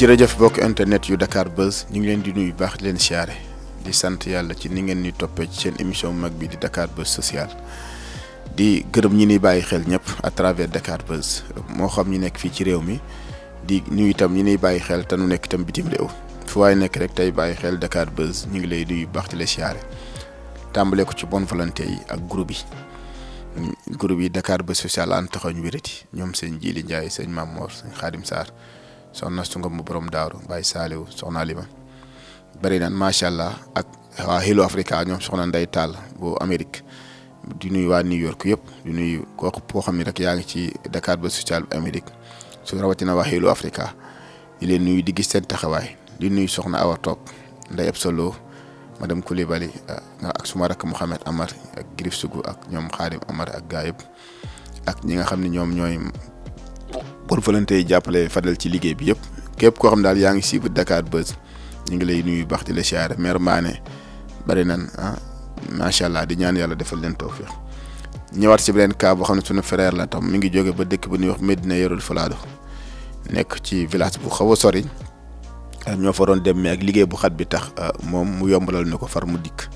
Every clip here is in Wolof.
jërëjëf bokk internet yu Dakar Buzz ñu ngi leen di nuyu baax di leen siyaare di sant yàlla ci ni ngeen ni toppee ci seen émission bu mag bi di Dakar Buzz social di gërëm ñi ni bàyyi xel ñëpp à travers Dakar Buzz moo xam ñu nekk fii ci réew mi di nuyu itam ñi ni bàyyi xel te nu nekk itam bitim réew fu waaye nekk rek tey bàyyi xel Dakar Buzz ñu ngi lay nuyu baax di la siyaare tàmbale ko ci bonne volonté yi ak groupe yi groupe yi Dakar Buzz sociale an taxaw ñu wérati ñoom sëñ Jili Ndiaye sëñ Mamor sëñ Xaadim soxna su ngom bu borom daaru Baye Saliou soxna Alima bëri macha allah ak waa Hello Africa ñoom soxna Ndeye Tall boo Amérique di nuyu waa New York yëpp di nuyu koo xam ni rek yaa ngi ci Dakar ba social bu Amérique su rawatina waa Hello Africa di leen nuyu di gis seen taxawaay di nuyu soxna Awa Top Ndeye Absolo madame Coulibaly ah, ak suma rakk Mouhamed Amar ak Grif Sougou ak ñoom Xaadim Amar ak gaa yëpp ak ñi nga xam ne ñoom ñooy pour volonté jàppale Fadel ci liggéey bi yëpp képp koo xam daal yaa ngi suivre Dakar Buzz ñu ngi lay nuyu baax di la siyaare mère maane bari nan ah macha allah di ñaan yàlla defal leen tawfiq ñëwaat si beneen cas boo xam ne sunu frère la tam mi ngi jóge ba dëkk ba ñuy wax Medina Yorul Falaado nekk ci village bu xaw a sori ah, ñoo fa doon dem mais ak liggéey bu xat bi tax ah, moom mu yombalal ñu ko far mu dikk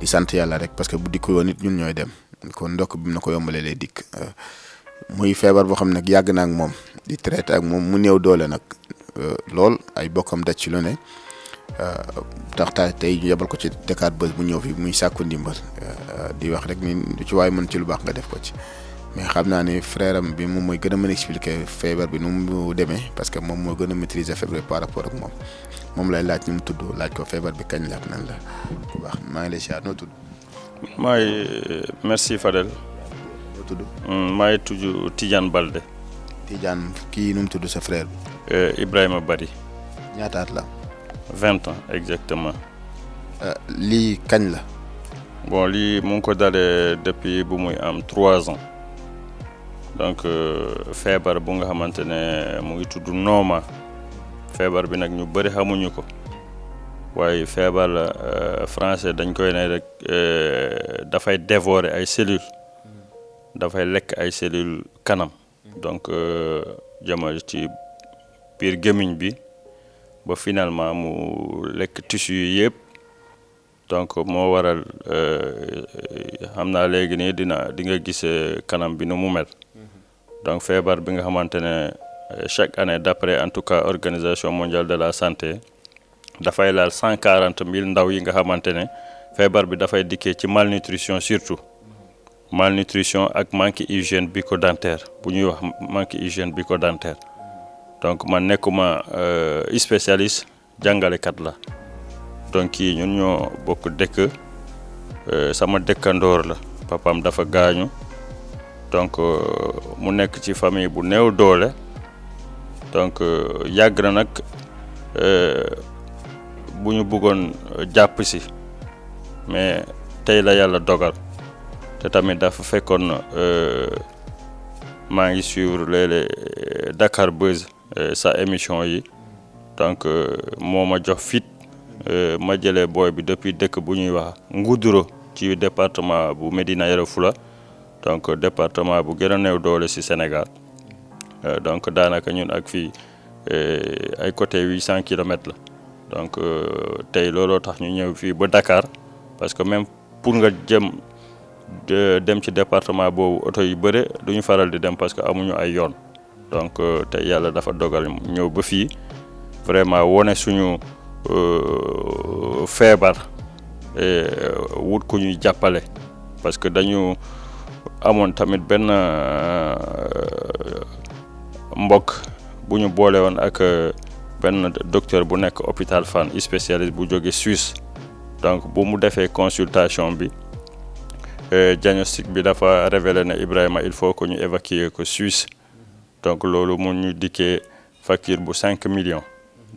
di sant yàlla rek parce que bu dikkul woon nit ñun ñooy dem kon ndokk na ko yombalee lay dikk. Ah. muy feebar boo xam nag yàgg na ak moom di traité ak moom mu néew doole nag euh, lool ay bokkam daj ci lu ne euh, tax tey ñu yebal ko ci Dakar Buzz bu ñëw fi muy sàkku ndimbal euh, di wax rek ni lu ci waay mën ci lu baax nga def ko ci mais xam naa ni frère bi moom mooy gën a mën expliquer feebar bi nu mu demee parce que moom moo gën a maîtriser feebar bi par rapport ak moom moom lay laaj ñu mu tudd laaj ko feebar bi kañ la ak nan la bu baax maa ngi lay siyaar noo tudd. maay merci Fadel. nga tudd. Mm, maa ngi tudd Balde. Tidiane kii nu tudd sa frère bi. Eh, Ibrahima Bari. ñaataat la. vingt ans exactement. Euh, lii kañ la. bon lii mu ngi ko dalee depuis bu muy am trois ans donc euh, feebar bu nga xamante ne mu ngi tudd nooma feebar bi nag ñu bëri xamuñu ko waaye feebar la euh, français dañ koy ne rek dafay dévorer ay cellules. dafay lekk ay cellules kanam donc euh, jëmal ci biir gémmiñ bi ba finalement mu lekk tissu yi yëpp donc moo waral euh, xam naa léegi nii dina di nga gis euh, kanam bi nu mu mel donc feebar bi nga xamante ne chaque année d'après en tout cas organisation mondiale de la santé dafay laal cent quarante mille ndaw yi nga xamante ne feebar bi dafay dikkee ci malnutrition surtout malnutrition ak manque hygiène bucco-dentaire bu ñuy wax manque bi ko dentaire donc man nekkuma euh, spécialiste jàngalekat la donc yi ñun ñoo bokk dëkk euh, sama dëkkandoor la papam dafa gaañu donc euh, mu nekk ci famille bu néew doole donc yàgg na nag bu ñu buggoon jàpp si mais tey la yàlla dogal te tamit dafa fekkoon euh, maa ngi suivre léeg-léeg euh, Dakar Buzz euh, sa émission yi donc moo ma jox fit ma jële booy bi depuis dëkk bu ñuy wax Nguduro ci département bu Médina Yoro Foulah donc département bu gën a néew doole si Sénégal donc daanaka ñun ak fii ay côté huit cent kilomètres la donc tey looloo tax ñu ñëw fii ba Dakar parce que pour nga jëm. dem ci département boobu oto yu bëre duñu faral di dem parce que amuñu ay yoon donc euh, te yàlla dafa dogal ñëw ba fii vraiment wone suñu euh, feebar euh, wut ku ñuy jàppale parce que dañu amoon tamit benn mbokk bu ñu boole woon ak benn docteur bu nekk hôpital Fann spécialiste bu jóge Suisse donc bu mu defee consultation bi Euh, diagnostic bi dafa révélé ne Ibrahima il faut que ñu évacuer ko Suisse donc loolu mun ñu dikkee facture bu cinq millions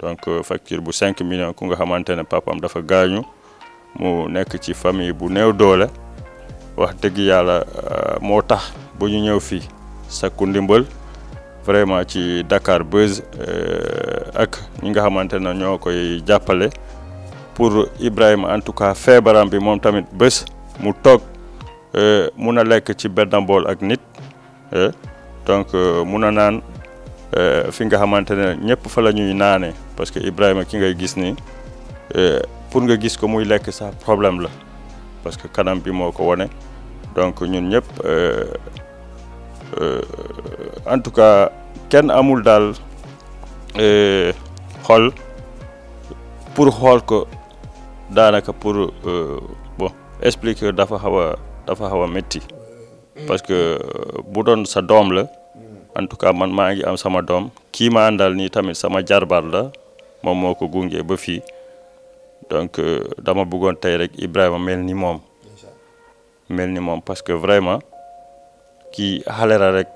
donc euh, fakiir bu cinq millions ku nga xamante ne papam dafa gaañu mu nekk ci famille bu néew doole wax dëgg yàlla euh, moo tax bu ñu ñëw fii sakku ndimbal vraiment ci Dakar Buzz ak ñi nga xamante ñoo koy jàppale pour Ibrahima en tout cas feebaram bi moom tamit bés mu toog. Euh, mun a lekk ci benn mbool ak nit euh, donc euh, mun a naan fi nga xamante ne ñëpp fa la ñuy naane parce que Ibrahima ki ngay gis ni pour nga gis ko muy lekk sax problème la parce que kanam bi moo ko wone donc ñun ñëpp en tout cas kenn amul daal xol pour xool ko daanaka pour bon expliquer dafa xaw a dafa xaw a métti parce que euh, bu doon sa doom la en tout cas man maa ngi am sama doom kii ma àndal nii tamit sama jarbaat la moom moo ko gunge ba fii donc euh, dama buggoon tey rek Ibrahima mel ni moom mel ni moom parce que vraiment kii xale la rek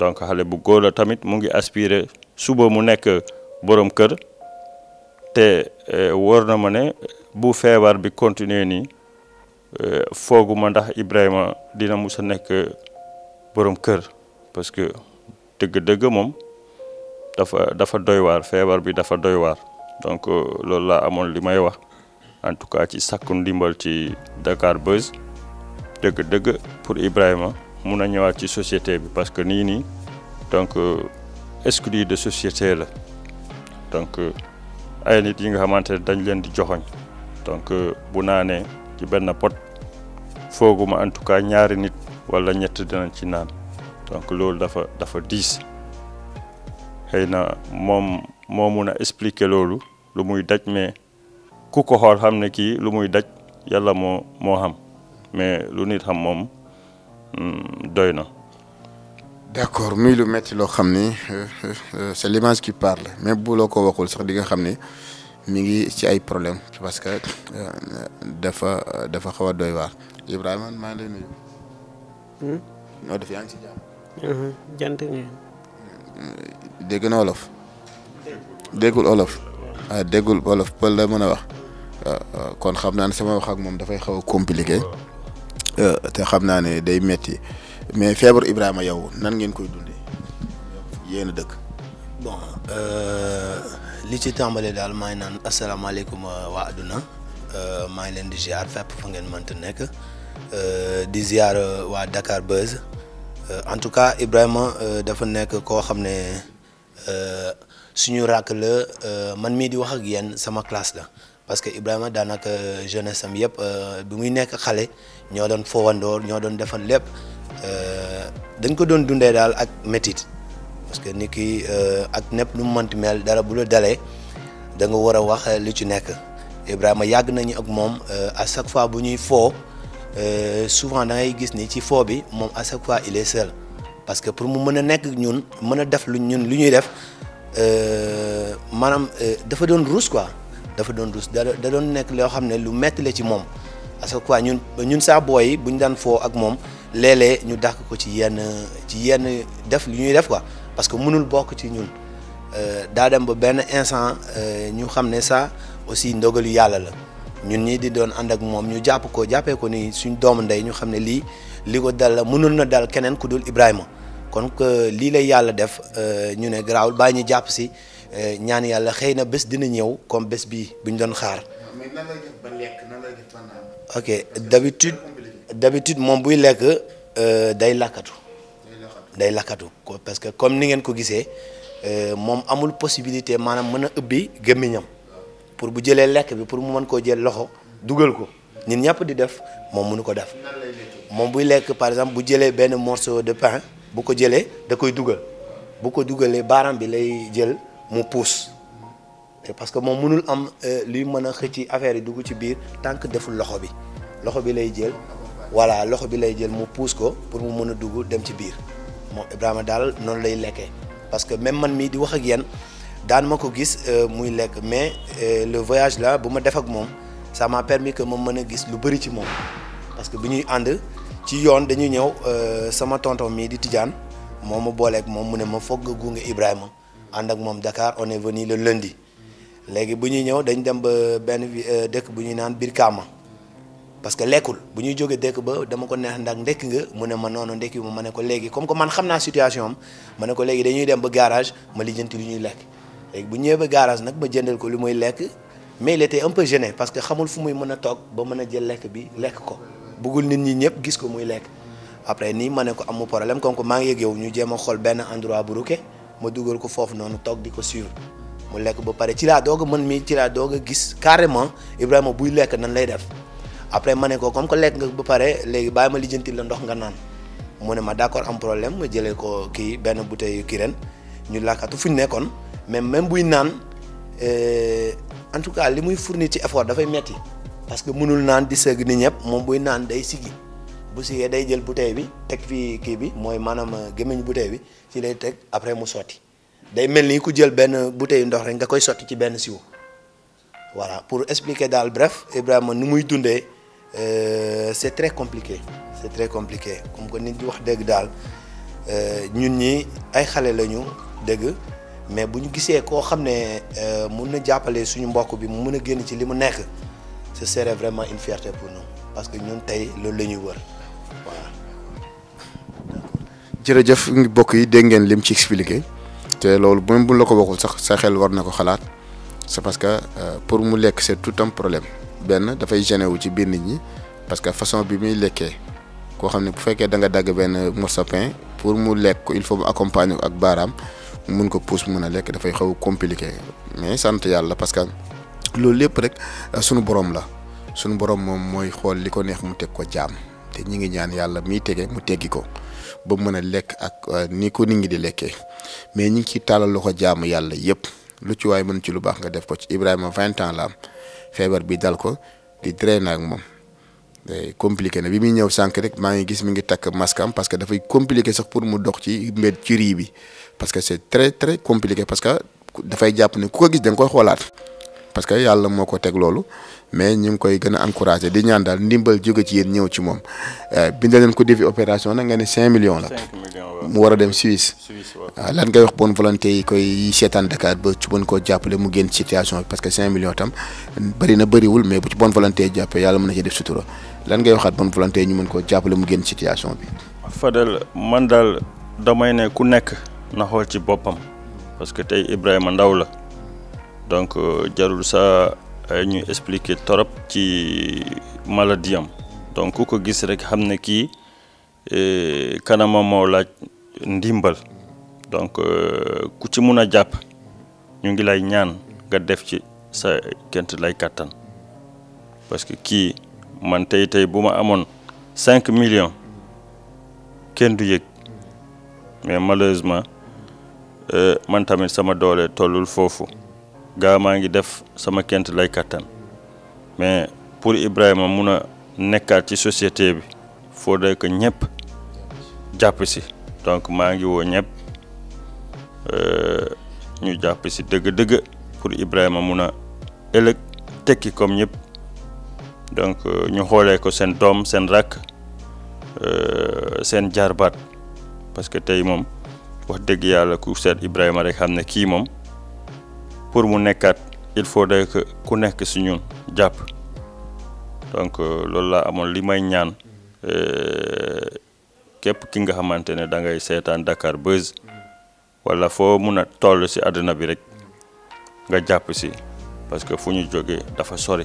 donc xale bu góor la tamit mu ngi aspiré suba mu nekk borom kër te euh, wóor na ma ne bu feebar bi continuer nii Euh, fooguma ndax Ibrahima dina mus a nekk borom kër parce que dëgg-dëgg moom dafa dafa doy waar feebar bi dafa doy waar donc euh, loolu laa amoon li may wax en tout cas ci sàkku ndimbal ci dakaar Buzz dëgg-dëgg pour Ibrahima mun a ñëwaat ci société bi parce que nii nii donc exclu de société la donc euh, ay nit yi nga xamante ne dañ leen di joxoñ donc bu naanee ci benn pot fooguma en tout cas ñaari nit wala ñett dina ci naan donc loolu dafa dafa diis xëy na moom moo mun a expliquer loolu lu muy daj mais ku ko xool xam ne kii lu muy daj yàlla moo moo xam mais lu nit xam moom hmm, doy na. d'accord muy lu metti loo xam ni euh, euh, euh, c'est l'image qui parle mais bu loo ko waxul sax di nga xam ni. mi ngi ci ay problème parce que euh, dafa dafa xaw a doy waar Ibrahima maa ngi lay nuyu. Hmm? noo def yaa ngi ci jàmm. Hmm, jant hmm, dégg na olof. déggul olof. ah déggul olof pël la mën a wax. Euh, euh, kon xam naa ne sama wax moom dafay xaw a compliqué. te xam naa ne day metti mais feebar Ibrahima yow nan ngeen koy dundee. yéen a dëkk. li ci tàmbale daal maa ngi naan asalaamaaleykum euh, waa àdduna euh, maa ngi leen di ziar fépp fa ngeen mënta nekk euh, di ziar waa Dakar Buzz en tout cas Ibrahima dafa nekk koo xam ne suñu rakk la man mii di wax ak yéen sama classe la parce que Ibrahima daanaka jeunesse am yëpp bi muy nekk xale ñoo doon foowandoor ñoo doon defan lépp dañ ko doon dundee daal ak métit parce que nit ki euh, ak nepp lu mu mënti mel dara bu la dalee da nga war a wax euh, lu ci nekk Ibrahima yàgg nañu ak moom euh, à chaque fois bu ñuy foo souvent da ngay gis ni ci foo bi moom à chaque fois il est seul parce que pour mu mën a nekk ñun mën a def lu ñun lu ñuy def maanaam dafa doon ruus quoi dafa doon ruus da da doon nekk loo xam ne lu metti la ci moom parce que quoi ñun ñun saa yi bu ñu daan foo ak moom léeg ñu dàq ko ci yenn ci yenn def lu ñuy def quoi. parce que mënul bokk ci ñun euh, daa dem ba benn instant euh, ñu xam ne ça aussi ndogalu yàlla la ñun ñi di doon ànd ak moom ñu jàpp ko jàppee ko ni suñ doomu ndey ñu xam ne lii li ko dal la mënul na dal keneen ku dul Ibrahima kon que lii lay yàlla def euh, ñu ne garaawul bàyyi ñu jàpp si ñaan yàlla xëy na bés dina ñëw comme bés bii bu ñu doon xaar. mais nan ok d'habitude d'habitude moom buy lekk day lakkatu. day lakkatu ko parce que comme ni ngeen ko gisee euh, moom amul possibilité maanaam mën a ëbbi gémmiñam pour bu jëlee lekk bi pour mu mën koo jël loxo dugal ko ñun ñëpp di def moom mënu ko def moom buy lekk par exemple bu jëlee benn morceau de pain bu ko jëlee da koy dugal bu ko dugalee baaraam bi lay jël mu puus parce que moom mënul am euh, luy mën a xëcc affaire yi dugg ci biir tant que deful loxo bi loxo bi lay jël voilà loxo bi lay jël mu puus ko pour mu mën a dugg dem ci biir moom Ibrahima daal noonu lay lekkee parce que même man mii di wax ak yéen daan ma ko gis euh, muy lekk mais euh, le voyage la bu ma def ak moom sama m'a permis ma mën a gis lu bëri ci moom parce que bi ñuy ànd ci yoon dañuy ñëw euh, sama tonton mii di Tidiane moom ma booleek moom mu ne ma foog nga gunge Ibrahima ànd ak moom Dakar on est venu le lundi léegi bu ñuy ñëw dañ dem ba benn dëkk bu ñuy naan Birkama parce que lekkul bu ñuy jógee dëkk ba dama ko neex ndax ndekki nga mu ne ma noonu ndekki ma ma ne ko léegi comme que man xam naa situation am ma ne ko léegi dañuy dem ba garage ma lijjanti lu ñuy lekk léegi bu ñëwee ba nag ma jëndal ko lu muy lekk mais il était un peu gêné parce que xamul fu muy mën a toog ba mën a jël lekk bi lekk ko bëggul nit ñi ñëpp gis ko muy lekk après nii ma ne ko amu problème comme que maa ngi yëg yow ñu jéem a xool benn endroit bu ruke ma dugal ko foofu noonu toog di ko suivre mu lekk ba pare ci laa doog mën mi ci laa doog a gis carrément Ibrahima buy lekk nan lay def après ma ne ko comme que lekk nga ba pare léegi bàyyi ma la ndox nga naan mu ne ma d'accord am problème ma jëlee ko kii benn bouteille kii ren ñu lakkatu fu ñu nekkoon mais même buy naan euh, en tout cas li muy fournir ci effort dafay metti parce que mënul naan di sëgg ni ñëpp moom buy naan day sigi bu sigee day jël bouteille bi teg fii kii bi mooy maanaam euh, gémmiñ bouteille bi ci lay teg après mu sotti day mel ni ku jël benn bouteille ndox rek nga koy sotti ci benn siwo voilà pour expliquer daal bref Ibrahima ni muy dundee. Euh, c'est très compliqué c'est très compliqué comme que nit di wax dëgg daal euh, ñun ñi ay xale lañu dëgg mais bu ñu gisee koo xam ne euh, mun na jàppale suñu mbokk bi mu mën a génn ci li mu nekk ce serait vraiment une fierté pour nous parce que ñun tey loolu la ñuy wër voilà. jërëjëf bokk yi dégg ngeen lim ci expliqué te loolu même bu la ko waxul sax sa xel war na ko xalaat c'est parce que pour mu lekk c'est tout un problème. benn dafay gêné wu ci biir nit ñi parce que façon bi muy lekkee koo xam ne bu fekkee da nga dagg benn morceau pain pour mu lekk ko il faut mu accompagner ko ak baaraam mun ko pousse mën a lekk dafay xaw a compliqué mais sant yàlla parce que loolu lépp rek euh, sunu borom la sunu borom moom mooy xool li ko neex mu teg ko jaam te ñi ngi ñaan yàlla miy tege mu teggi ko ba mën a lekk ak euh, ni ko nit ngi di lekkee mais ñu ngi ciy tàllal loxo jaamu yàlla yëpp lu ci waay mën ci lu baax nga def ko ci Ibrahima vingt ans la am feebar bi dal ko di drainer ak moom compliqué na bi muy ñëw sànq rek maa ngi gis mu ngi takk masque am parce que dafay compliqué sax pour mu dox ci mbed ci rii bi parce que c'est très très compliqué parce que dafay jàpp ne ku ko gis da nga koy xoolaat parce que yàlla moo ko teg loolu mais ñu ngi koy gën a encouragé di ñaan daal ndimbal jóge ci yéen ñëw ci moom eh, bindal leen ko defi opération nag nga ne 5 millions la. mu war a dem Suisse. waaw ah, lan ngay wax bon volonté yi koy seetaan Dakar ba ci mën koo jàppale mu génn situation bi parce que 5 millions tam bëri na bëriwul mais bu ci bonne volonté jàppee yàlla mën na ci def sutura lan ngay waxaat bonne volonté yi ñu mën koo jàppale mu génn situation bi. Fadel man daal damay ne ku nekk na xool ci boppam parce que tey Ibrahima Ndaw la donc euh, jarul sa euh, ñu expliquer torop ci maladie am donc ku ko gis rek xam ne kii euh, kanamam moo laaj. ndimbal donc euh, ku ci mun a jàpp ñu ngi lay ñaan nga def ci sa kent lay kàttan parce que kii man tey tey bu ma amoon cinq millions kenn du yëg mais malheureusement euh, man tamit sama doole tollul foofu gaa maa ngi def sama kent lay kàttan mais pour Ibrahima mun a nekkaat ci société bi foo faudrait que ñëpp jàpp si donc maa ngi woo ñëpp euh, ñu jàpp si dëgg-dëgg pour Ibrahima mun a ëllëg tekki comme ñëpp donc euh, ñu xoolee ko seen doom seen rakk euh, seen jaarbaat parce que tey moom wax dëgg yàlla ku seet Ibrahima rek xam ne kii moom pour mu nekkaat il faut que ku nekk si ñun jàpp donc loolu laa amoon li may ñaan. képp ki nga xamante ne da ngay seetaan Dakar Buzz wala foo mun a toll si àdduna bi rek nga jàpp si parce que fu ñu jógee dafa sori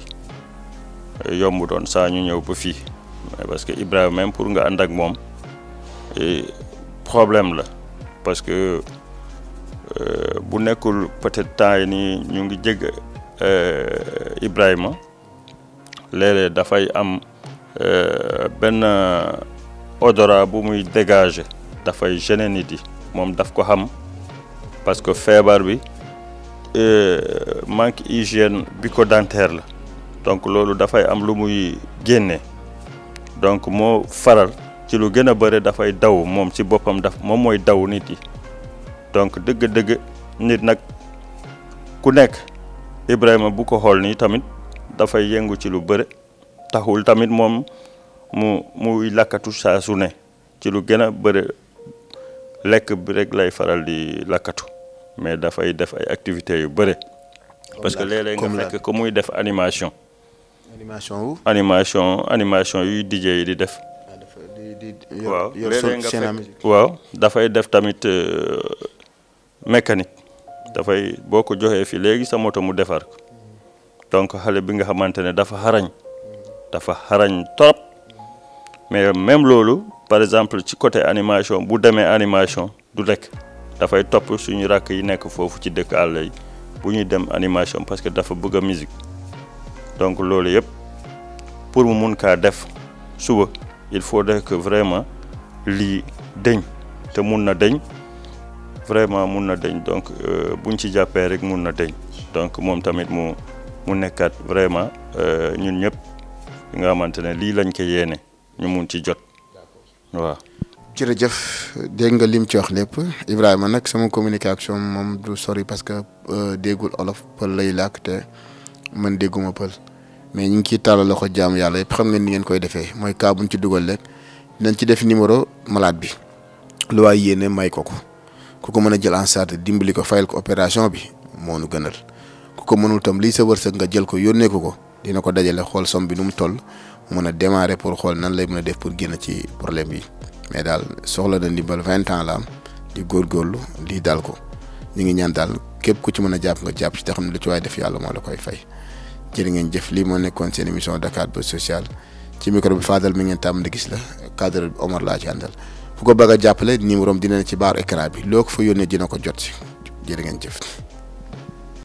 yomb doon saa ñu ñëw ba fii parce que Ibrahima même pour nga ànd ak moom e, problème la parce que e, bu nekkul peut-être temps yi nii ñu ngi jégg e, Ibrahima léeg dafay am benn. odorat bu muy dégager dafay gêner nit yi moom daf ko xam parce que feebar bi euh, manque hygiène bucco-dentaire la donc loolu dafay am lu muy génnee donc moo faral ci lu gën a bëre dafay daw moom ci boppam daf moom mooy daw nit yi donc dëgg-dëgg nit nag ku nekk Ibrahima bu ko xool nii tamit dafay yëngu ci lu bëre taxul tamit moom mu muy lakkatu saa su ne ci lu gën a bëri lekk bi rek lay faral di lakkatu mais dafay def ay activités yu bëri. parce que léeg-léeg nga fekk ko muy def animation. animation animation animation yuy DJ yi di def. Ah, waaw léeg-léeg nga fekk waaw dafay def tamit euh, mécanique. dafay boo ko joxee fii léegi sa moto mu defar mm. donc xale bi nga xamante ne dafa xarañ. dafa xarañ trop. mais même loolu par exemple ci côté animation bu demee animation du rek dafay topp suñu rakk yi nekk foofu ci dëkk àll yi bu ñuy dem animation parce que dafa bëgg a musique donc loolu yëpp pour mu mun kaa def suba il faut que vraiment lii dëñ te mun na dëñ vraiment mun na dëñ donc euh, buñ ci jàppee rek mun na dëñ donc moom tamit mu mu nekkaat vraiment euh, ñun ñëpp nga xamante ne lii lañ ko yéene. ñu mun ci jot waaw. jërëjëf dégg nga lim ci wax lépp Ibrahima nag sama communication moom du sori parce que euh, déggul olof pël lay làkk te man dégguma pël mais ñu ngi ciy tàllal loxo jaamu yàlla yëpp xam ngeen ni ngeen koy defee mooy cas bu ñu ci dugal leen nañ ci def numéro malade bi lu waay yéene may ko ko ku ko mën a jël en charge dimbali ko fayal ko opération bi moo nu gënal ku ko mënul tam lii sa wërsëg nga jël ko yónnee ko ko. dina ko dajale xool somme bi nu mu toll mun a démarrer pour xool nan lay mën a def pour génn ci problème yi mais daal soxla na ndimbal vingt ans la am di góorgóorlu lii daal ko ñu ngi ñaan daal képp ku ci mën a jàpp nga jàpp ci te xam ne lu ci waay def yàlla moo la koy fay jërë ngeen jëf lii moo nekkoon seen émission Dakar Social micro bi mi ngeen tàmm di gis la cadre bi Omar laa ci àndal ku ko bëgg a jàppale numéro dina ne ci baaru écran bi loo ko fa yónnee dina ko jot si jërë ngeen jëf.